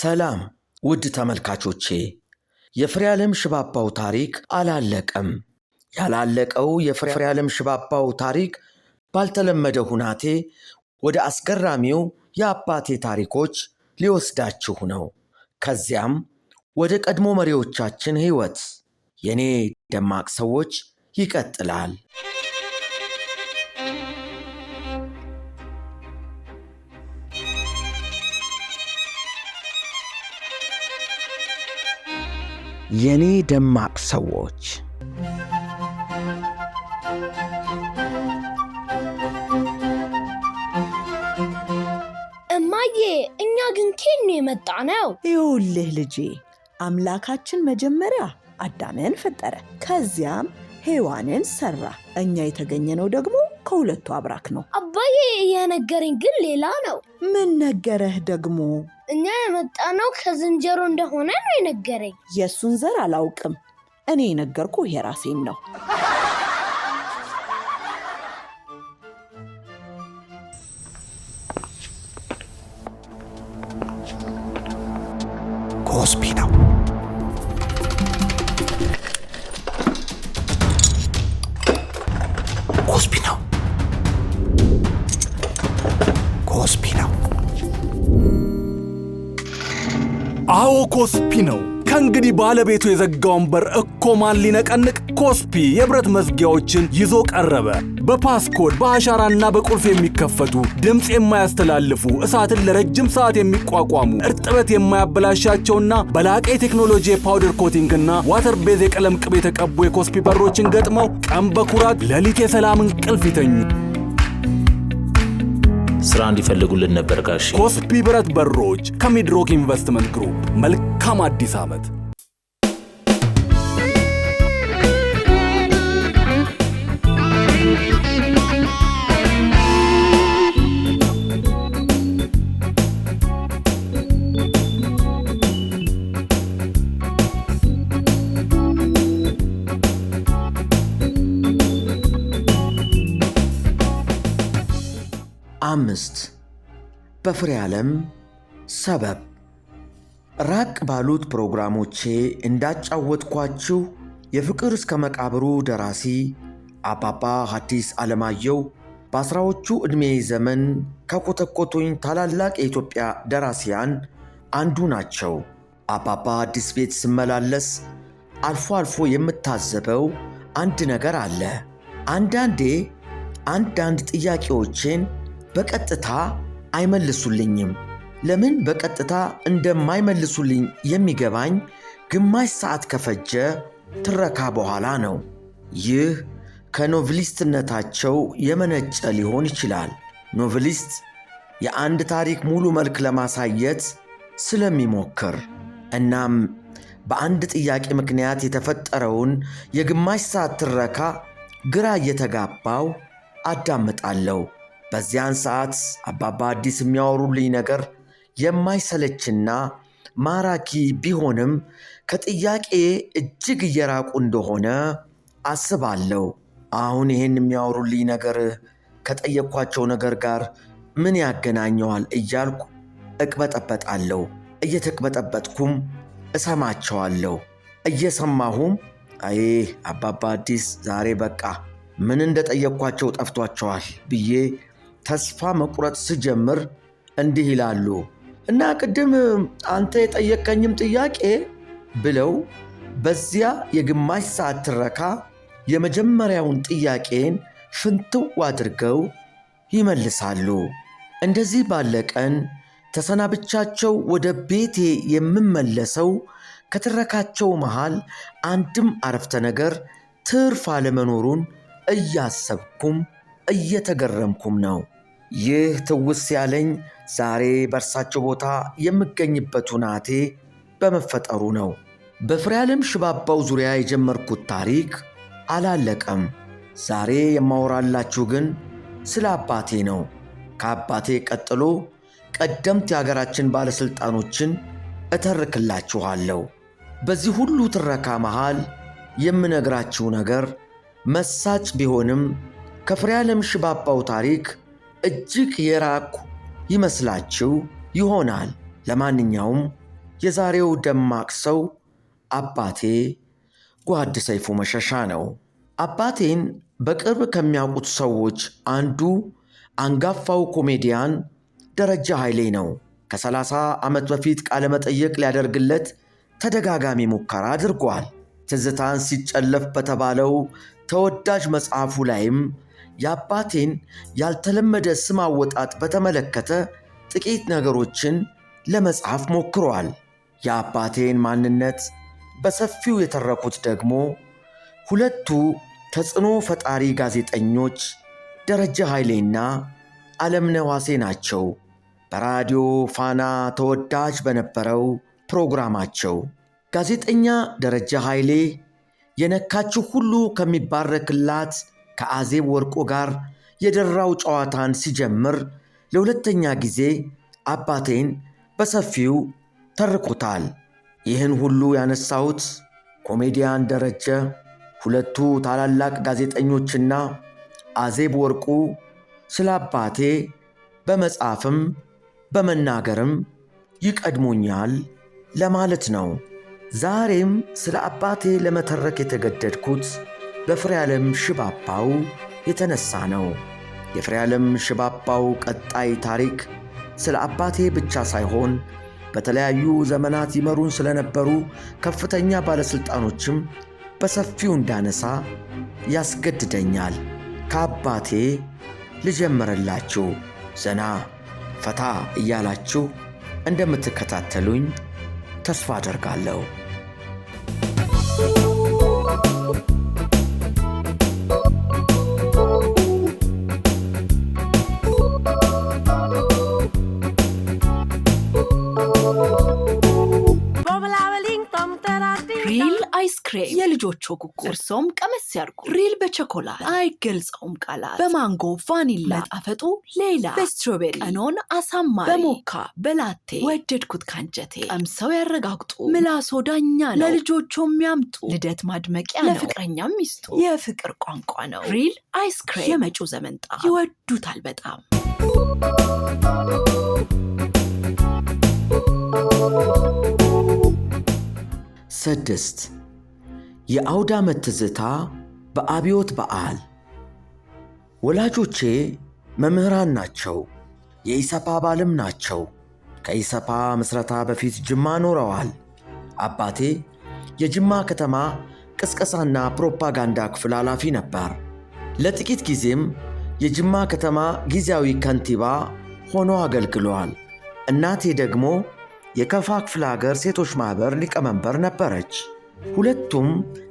ሰላም ውድ ተመልካቾቼ፣ ዓለም ሽባባው ታሪክ አላለቀም። ያላለቀው ዓለም ሽባባው ታሪክ ባልተለመደ ሁናቴ ወደ አስገራሚው የአባቴ ታሪኮች ሊወስዳችሁ ነው። ከዚያም ወደ ቀድሞ መሪዎቻችን ሕይወት የኔ ደማቅ ሰዎች ይቀጥላል። የኔ ደማቅ ሰዎች እማዬ፣ እኛ ግን ኬን የመጣ ነው። ይኸውልህ ልጄ፣ አምላካችን መጀመሪያ አዳምን ፈጠረ፣ ከዚያም ሔዋንን ሰራ። እኛ የተገኘነው ደግሞ ከሁለቱ አብራክ ነው። አባዬ የነገረኝ ግን ሌላ ነው። ምን ነገረህ ደግሞ? እኛ የመጣነው ከዝንጀሮ እንደሆነ ነው የነገረኝ። የእሱን ዘር አላውቅም። እኔ የነገርኩ የራሴን ነው። ኮስፒ ነው። ኮስፒ ነው። ከእንግዲህ ባለቤቱ የዘጋውን በር እኮ ማን ሊነቀንቅ? ኮስፒ የብረት መዝጊያዎችን ይዞ ቀረበ። በፓስኮድ በአሻራና በቁልፍ የሚከፈቱ ድምፅ የማያስተላልፉ እሳትን ለረጅም ሰዓት የሚቋቋሙ እርጥበት የማያበላሻቸውና በላቀ የቴክኖሎጂ የፓውደር ኮቲንግና ዋተር ቤዝ የቀለም ቅብ የተቀቡ የኮስፒ በሮችን ገጥመው ቀን በኩራት ሌሊት የሰላም እንቅልፍ ይተኙ። ስራ እንዲፈልጉልን ነበር ጋሽ ኮስፒ ብረት በሮች ከሚድሮክ ኢንቨስትመንት ግሩፕ መልካም አዲስ ዓመት አምስት በፍሬ ዓለም ሰበብ ራቅ ባሉት ፕሮግራሞቼ እንዳጫወትኳችሁ የፍቅር እስከ መቃብሩ ደራሲ አባባ ሐዲስ ዓለማየሁ በአስራዎቹ ዕድሜ ዘመን ከኮተኮቶኝ ታላላቅ የኢትዮጵያ ደራሲያን አንዱ ናቸው። አባባ ሐዲስ ቤት ስመላለስ አልፎ አልፎ የምታዘበው አንድ ነገር አለ። አንዳንዴ አንዳንድ ጥያቄዎችን። በቀጥታ አይመልሱልኝም። ለምን በቀጥታ እንደማይመልሱልኝ የሚገባኝ ግማሽ ሰዓት ከፈጀ ትረካ በኋላ ነው። ይህ ከኖቭሊስትነታቸው የመነጨ ሊሆን ይችላል። ኖቭሊስት የአንድ ታሪክ ሙሉ መልክ ለማሳየት ስለሚሞክር እናም በአንድ ጥያቄ ምክንያት የተፈጠረውን የግማሽ ሰዓት ትረካ ግራ እየተጋባው አዳምጣለሁ። በዚያን ሰዓት አባባ አዲስ የሚያወሩልኝ ነገር የማይሰለችና ማራኪ ቢሆንም ከጥያቄ እጅግ እየራቁ እንደሆነ አስባለሁ። አሁን ይህን የሚያወሩልኝ ነገር ከጠየቅኳቸው ነገር ጋር ምን ያገናኘዋል እያልኩ እቅበጠበጣለሁ። እየተቅበጠበጥኩም እሰማቸዋለሁ። እየሰማሁም አይ አባባ አዲስ ዛሬ በቃ ምን እንደጠየቅኳቸው ጠፍቷቸዋል ብዬ ተስፋ መቁረጥ ስጀምር እንዲህ ይላሉ እና ቅድም አንተ የጠየቀኝም ጥያቄ ብለው በዚያ የግማሽ ሰዓት ትረካ የመጀመሪያውን ጥያቄን ፍንትው አድርገው ይመልሳሉ። እንደዚህ ባለ ቀን ተሰናብቻቸው ወደ ቤቴ የምመለሰው ከትረካቸው መሃል አንድም አረፍተ ነገር ትርፍ አለመኖሩን እያሰብኩም እየተገረምኩም ነው። ይህ ትውስ ያለኝ ዛሬ በእርሳቸው ቦታ የምገኝበት ሁናቴ በመፈጠሩ ነው። በፍሬያለም ሽባባው ዙሪያ የጀመርኩት ታሪክ አላለቀም። ዛሬ የማወራላችሁ ግን ስለ አባቴ ነው። ከአባቴ ቀጥሎ ቀደምት የሀገራችን ባለሥልጣኖችን እተርክላችኋለሁ። በዚህ ሁሉ ትረካ መሃል የምነግራችሁ ነገር መሳጭ ቢሆንም ከፍሬያለም ሽባባው ታሪክ እጅግ የራቁ ይመስላችሁ ይሆናል። ለማንኛውም የዛሬው ደማቅ ሰው አባቴ ጓድ ሰይፉ መሸሻ ነው። አባቴን በቅርብ ከሚያውቁት ሰዎች አንዱ አንጋፋው ኮሜዲያን ደረጃ ኃይሌ ነው። ከ30 ዓመት በፊት ቃለመጠየቅ ሊያደርግለት ተደጋጋሚ ሙከራ አድርጓል። ትዝታን ሲጨለፍ በተባለው ተወዳጅ መጽሐፉ ላይም የአባቴን ያልተለመደ ስም አወጣጥ በተመለከተ ጥቂት ነገሮችን ለመጻፍ ሞክረዋል። የአባቴን ማንነት በሰፊው የተረኩት ደግሞ ሁለቱ ተጽዕኖ ፈጣሪ ጋዜጠኞች ደረጀ ኃይሌና አለምነህ ዋሴ ናቸው። በራዲዮ ፋና ተወዳጅ በነበረው ፕሮግራማቸው ጋዜጠኛ ደረጀ ኃይሌ የነካችው ሁሉ ከሚባረክላት ከአዜብ ወርቁ ጋር የደራው ጨዋታን ሲጀምር ለሁለተኛ ጊዜ አባቴን በሰፊው ተርኩታል። ይህን ሁሉ ያነሳሁት ኮሜዲያን ደረጀ፣ ሁለቱ ታላላቅ ጋዜጠኞችና አዜብ ወርቁ ስለ አባቴ በመጻፍም በመናገርም ይቀድሞኛል ለማለት ነው። ዛሬም ስለ አባቴ ለመተረክ የተገደድኩት በፍሬ ዓለም ሽባባው የተነሳ ነው። የፍሬ ዓለም ሽባባው ቀጣይ ታሪክ ስለ አባቴ ብቻ ሳይሆን በተለያዩ ዘመናት ይመሩን ስለነበሩ ከፍተኛ ባለሥልጣኖችም በሰፊው እንዳነሳ ያስገድደኛል። ከአባቴ ልጀምርላችሁ። ዘና ፈታ እያላችሁ እንደምትከታተሉኝ ተስፋ አደርጋለሁ። ልጆቾ ጉጉ እርሶም ቀመስ ያርጉ። ሪል በቸኮላት አይገልጸውም ቃላት። በማንጎ ቫኒላ መጣፈጡ ሌላ በስትሮቤሪ ቀኖን አሳማሪ በሞካ በላቴ ወደድኩት ካንጀቴ። ቀምሰው ያረጋግጡ ምላሶ ዳኛ ነው። ለልጆቾ የሚያምጡ ልደት ማድመቂያ ነው። ለፍቅረኛም ይስጡ የፍቅር ቋንቋ ነው። ሪል አይስክሬም የመጪው ዘመን ጣ ይወዱታል በጣም። ስድስት የአውደ ዓመት ትዝታ በአብዮት በዓል። ወላጆቼ መምህራን ናቸው። የኢሰፓ አባልም ናቸው። ከኢሰፓ ምስረታ በፊት ጅማ ኖረዋል። አባቴ የጅማ ከተማ ቅስቀሳና ፕሮፓጋንዳ ክፍል ኃላፊ ነበር። ለጥቂት ጊዜም የጅማ ከተማ ጊዜያዊ ከንቲባ ሆኖ አገልግሏል። እናቴ ደግሞ የከፋ ክፍለ አገር ሴቶች ማኅበር ሊቀመንበር ነበረች። ሁለቱም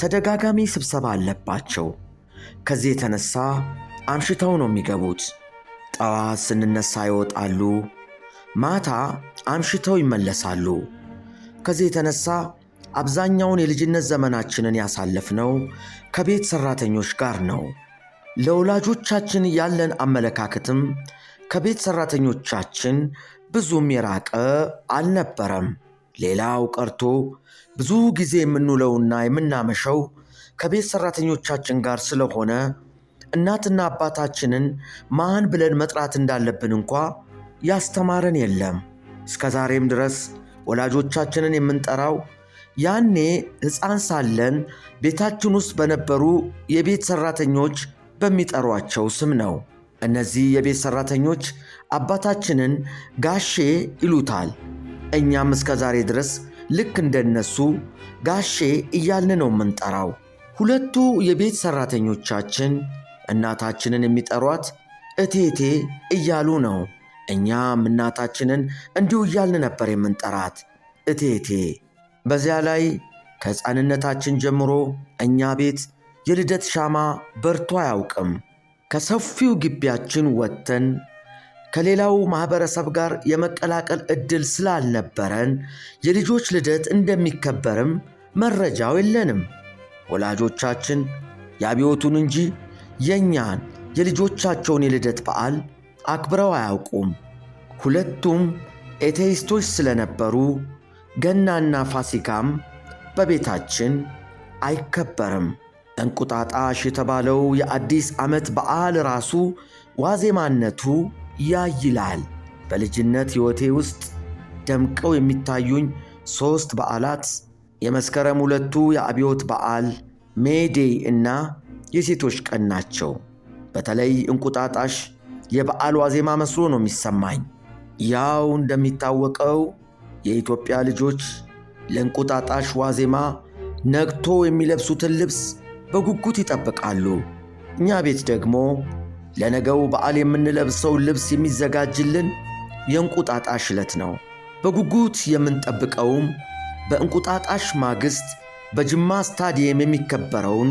ተደጋጋሚ ስብሰባ አለባቸው። ከዚህ የተነሳ አምሽተው ነው የሚገቡት። ጠዋት ስንነሳ ይወጣሉ፣ ማታ አምሽተው ይመለሳሉ። ከዚህ የተነሳ አብዛኛውን የልጅነት ዘመናችንን ያሳለፍነው ከቤት ሠራተኞች ጋር ነው። ለወላጆቻችን ያለን አመለካከትም ከቤት ሠራተኞቻችን ብዙም የራቀ አልነበረም። ሌላው ቀርቶ ብዙ ጊዜ የምንውለውና የምናመሸው ከቤት ሰራተኞቻችን ጋር ስለሆነ እናትና አባታችንን ማን ብለን መጥራት እንዳለብን እንኳ ያስተማረን የለም። እስከ ዛሬም ድረስ ወላጆቻችንን የምንጠራው ያኔ ሕፃን ሳለን ቤታችን ውስጥ በነበሩ የቤት ሰራተኞች በሚጠሯቸው ስም ነው። እነዚህ የቤት ሰራተኞች አባታችንን ጋሼ ይሉታል። እኛም እስከ ዛሬ ድረስ ልክ እንደነሱ ጋሼ እያልን ነው የምንጠራው። ሁለቱ የቤት ሰራተኞቻችን እናታችንን የሚጠሯት እቴቴ እያሉ ነው። እኛም እናታችንን እንዲሁ እያልን ነበር የምንጠራት እቴቴ። በዚያ ላይ ከሕፃንነታችን ጀምሮ እኛ ቤት የልደት ሻማ በርቶ አያውቅም። ከሰፊው ግቢያችን ወጥተን ከሌላው ማህበረሰብ ጋር የመቀላቀል እድል ስላልነበረን የልጆች ልደት እንደሚከበርም መረጃው የለንም። ወላጆቻችን የአብዮቱን እንጂ የእኛን የልጆቻቸውን የልደት በዓል አክብረው አያውቁም። ሁለቱም ኤቴይስቶች ስለነበሩ ገናና ፋሲካም በቤታችን አይከበርም። እንቁጣጣሽ የተባለው የአዲስ ዓመት በዓል ራሱ ዋዜማነቱ ያይላል። በልጅነት ሕይወቴ ውስጥ ደምቀው የሚታዩኝ ሦስት በዓላት የመስከረም ሁለቱ የአብዮት በዓል፣ ሜዴይ እና የሴቶች ቀን ናቸው። በተለይ እንቁጣጣሽ የበዓል ዋዜማ መስሎ ነው የሚሰማኝ። ያው እንደሚታወቀው የኢትዮጵያ ልጆች ለእንቁጣጣሽ ዋዜማ ነግቶ የሚለብሱትን ልብስ በጉጉት ይጠብቃሉ። እኛ ቤት ደግሞ ለነገው በዓል የምንለብሰው ልብስ የሚዘጋጅልን የእንቁጣጣሽ ዕለት ነው። በጉጉት የምንጠብቀውም በእንቁጣጣሽ ማግስት በጅማ ስታዲየም የሚከበረውን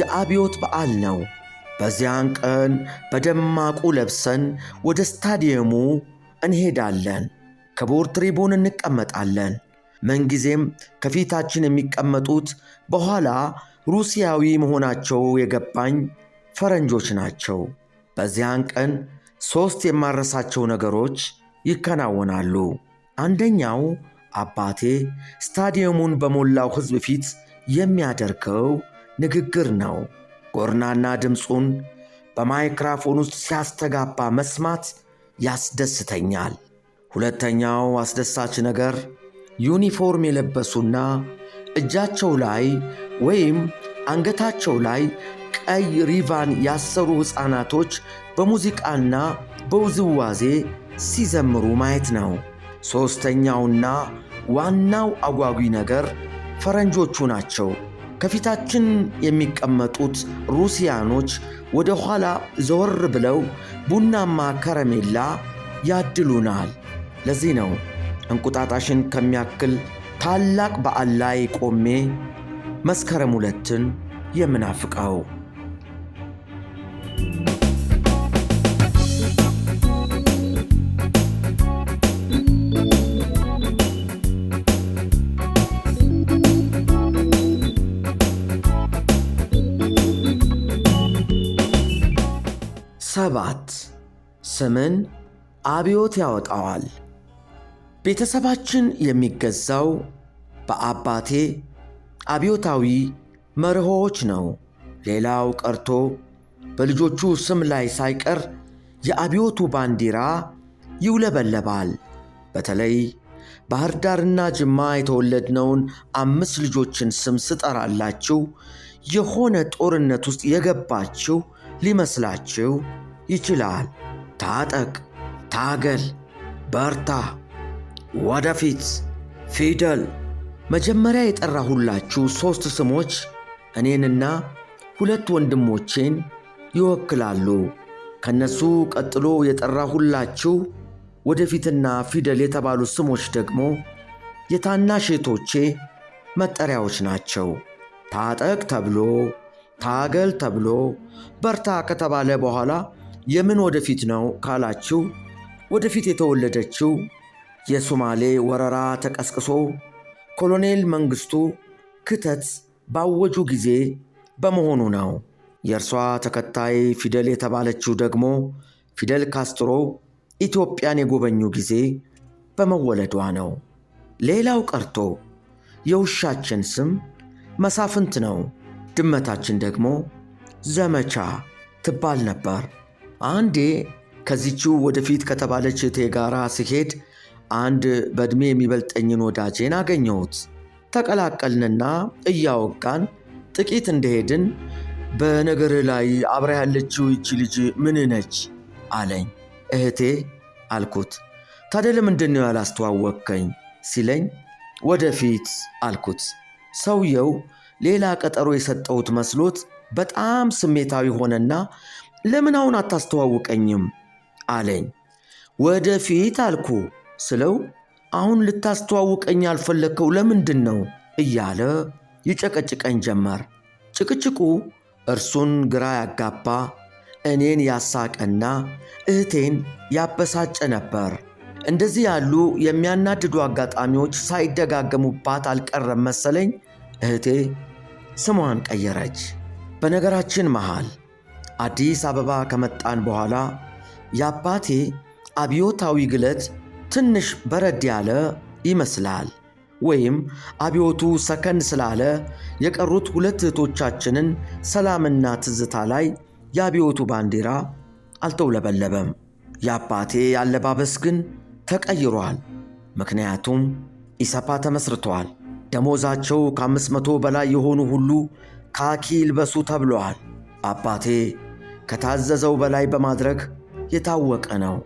የአብዮት በዓል ነው። በዚያን ቀን በደማቁ ለብሰን ወደ ስታዲየሙ እንሄዳለን። ክቡር ትሪቡን እንቀመጣለን። ምንጊዜም ከፊታችን የሚቀመጡት በኋላ ሩሲያዊ መሆናቸው የገባኝ ፈረንጆች ናቸው። በዚያን ቀን ሦስት የማረሳቸው ነገሮች ይከናወናሉ። አንደኛው አባቴ ስታዲየሙን በሞላው ሕዝብ ፊት የሚያደርገው ንግግር ነው። ጎርናና ድምፁን በማይክራፎን ውስጥ ሲያስተጋባ መስማት ያስደስተኛል። ሁለተኛው አስደሳች ነገር ዩኒፎርም የለበሱና እጃቸው ላይ ወይም አንገታቸው ላይ ቀይ ሪቫን ያሰሩ ሕፃናቶች በሙዚቃና በውዝዋዜ ሲዘምሩ ማየት ነው። ሦስተኛውና ዋናው አጓጊ ነገር ፈረንጆቹ ናቸው። ከፊታችን የሚቀመጡት ሩሲያኖች ወደ ኋላ ዘወር ብለው ቡናማ ከረሜላ ያድሉናል። ለዚህ ነው እንቁጣጣሽን ከሚያክል ታላቅ በዓል ላይ ቆሜ መስከረም ሁለትን የምናፍቀው። ሰባት ስምን አብዮት ያወጣዋል። ቤተሰባችን የሚገዛው በአባቴ አብዮታዊ መርሆዎች ነው። ሌላው ቀርቶ በልጆቹ ስም ላይ ሳይቀር የአብዮቱ ባንዲራ ይውለበለባል። በተለይ ባህር ዳርና ጅማ የተወለድነውን አምስት ልጆችን ስም ስጠራላችሁ የሆነ ጦርነት ውስጥ የገባችሁ ሊመስላችሁ ይችላል። ታጠቅ፣ ታገል፣ በርታ፣ ወደፊት፣ ፊደል። መጀመሪያ የጠራሁላችሁ ሦስት ስሞች እኔንና ሁለት ወንድሞቼን ይወክላሉ። ከነሱ ቀጥሎ የጠራሁላችሁ ወደፊትና ፊደል የተባሉ ስሞች ደግሞ የታናሼቶቼ መጠሪያዎች ናቸው። ታጠቅ ተብሎ ታገል ተብሎ በርታ ከተባለ በኋላ የምን ወደፊት ነው ካላችሁ ወደፊት የተወለደችው የሱማሌ ወረራ ተቀስቅሶ ኮሎኔል መንግስቱ ክተት ባወጁ ጊዜ በመሆኑ ነው። የእርሷ ተከታይ ፊደል የተባለችው ደግሞ ፊደል ካስትሮ ኢትዮጵያን የጎበኙ ጊዜ በመወለዷ ነው። ሌላው ቀርቶ የውሻችን ስም መሳፍንት ነው። ድመታችን ደግሞ ዘመቻ ትባል ነበር። አንዴ ከዚችው ወደፊት ከተባለች እቴ ጋር ስሄድ አንድ በዕድሜ የሚበልጠኝን ወዳጄን አገኘሁት። ተቀላቀልንና እያወጋን ጥቂት እንደሄድን በነገር ላይ አብራ ያለችው ይቺ ልጅ ምን ነች አለኝ። እህቴ አልኩት። ታዲያ ለምንድን ነው ያላስተዋወቅከኝ ሲለኝ ወደፊት አልኩት። ሰውየው ሌላ ቀጠሮ የሰጠሁት መስሎት በጣም ስሜታዊ ሆነና ለምን አሁን አታስተዋውቀኝም አለኝ። ወደፊት አልኩ ስለው አሁን ልታስተዋውቀኝ ያልፈለግከው ለምንድን ነው እያለ ይጨቀጭቀኝ ጀመር። ጭቅጭቁ እርሱን ግራ ያጋባ እኔን ያሳቀና እህቴን ያበሳጨ ነበር። እንደዚህ ያሉ የሚያናድዱ አጋጣሚዎች ሳይደጋገሙባት አልቀረም መሰለኝ እህቴ ስሟን ቀየረች። በነገራችን መሃል አዲስ አበባ ከመጣን በኋላ የአባቴ አብዮታዊ ግለት ትንሽ በረድ ያለ ይመስላል። ወይም አብዮቱ ሰከን ስላለ የቀሩት ሁለት እህቶቻችንን ሰላምና ትዝታ ላይ የአብዮቱ ባንዲራ አልተውለበለበም። የአባቴ አለባበስ ግን ተቀይሯል። ምክንያቱም ኢሰፓ ተመስርተዋል። ደሞዛቸው ከአምስት መቶ በላይ የሆኑ ሁሉ ካኪ ይልበሱ ተብለዋል። አባቴ ከታዘዘው በላይ በማድረግ የታወቀ ነው።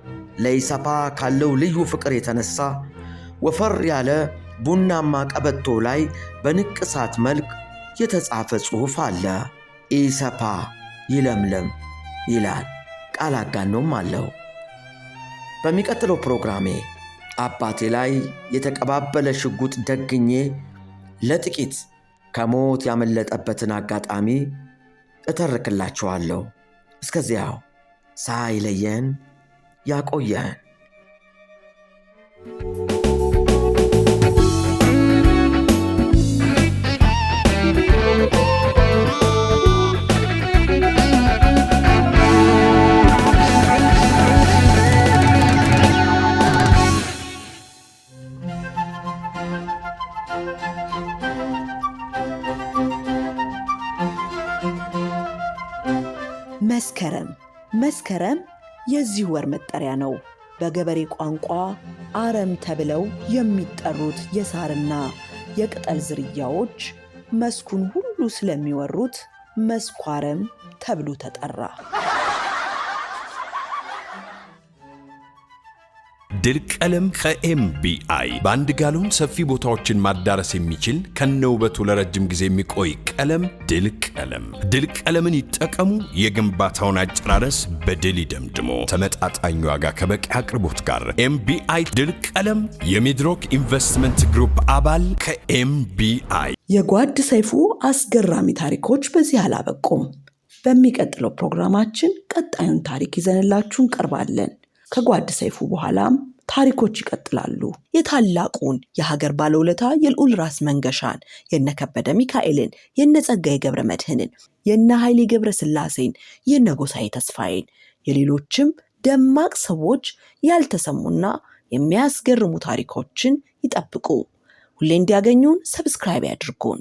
ለኢሰፓ ካለው ልዩ ፍቅር የተነሳ ወፈር ያለ ቡናማ ቀበቶ ላይ በንቅሳት መልክ የተጻፈ ጽሑፍ አለ። ኢሰፓ ይለምለም ይላል። ቃል አጋኖም አለው። በሚቀጥለው ፕሮግራሜ አባቴ ላይ የተቀባበለ ሽጉጥ ደግኜ ለጥቂት ከሞት ያመለጠበትን አጋጣሚ እተርክላችኋለሁ። እስከዚያው ሳይለየን ያቆየን። መስከረም መስከረም የዚህ ወር መጠሪያ ነው። በገበሬ ቋንቋ አረም ተብለው የሚጠሩት የሳርና የቅጠል ዝርያዎች መስኩን ሁሉ ስለሚወሩት መስኳረም ተብሎ ተጠራ። ድል ቀለም ከኤምቢአይ በአንድ ጋሎን ሰፊ ቦታዎችን ማዳረስ የሚችል ከነውበቱ ለረጅም ጊዜ የሚቆይ ቀለም ድል ቀለም። ድል ቀለምን ይጠቀሙ። የግንባታውን አጨራረስ በድል ይደምድሞ። ተመጣጣኝ ዋጋ ከበቂ አቅርቦት ጋር ኤምቢአይ ድል ቀለም የሚድሮክ ኢንቨስትመንት ግሩፕ አባል ከኤምቢአይ። የጓድ ሰይፉ አስገራሚ ታሪኮች በዚህ አላበቁም። በሚቀጥለው ፕሮግራማችን ቀጣዩን ታሪክ ይዘንላችሁ እንቀርባለን። ከጓድ ሰይፉ በኋላም ታሪኮች ይቀጥላሉ። የታላቁን የሀገር ባለውለታ የልዑል ራስ መንገሻን፣ የነከበደ ሚካኤልን፣ የነጸጋዬ ገብረ መድህንን፣ የነ ኃይሌ ገብረ የነ የነጎሳዬ ተስፋዬን፣ የሌሎችም ደማቅ ሰዎች ያልተሰሙና የሚያስገርሙ ታሪኮችን ይጠብቁ። ሁሌ እንዲያገኙን ሰብስክራይብ ያድርጉን።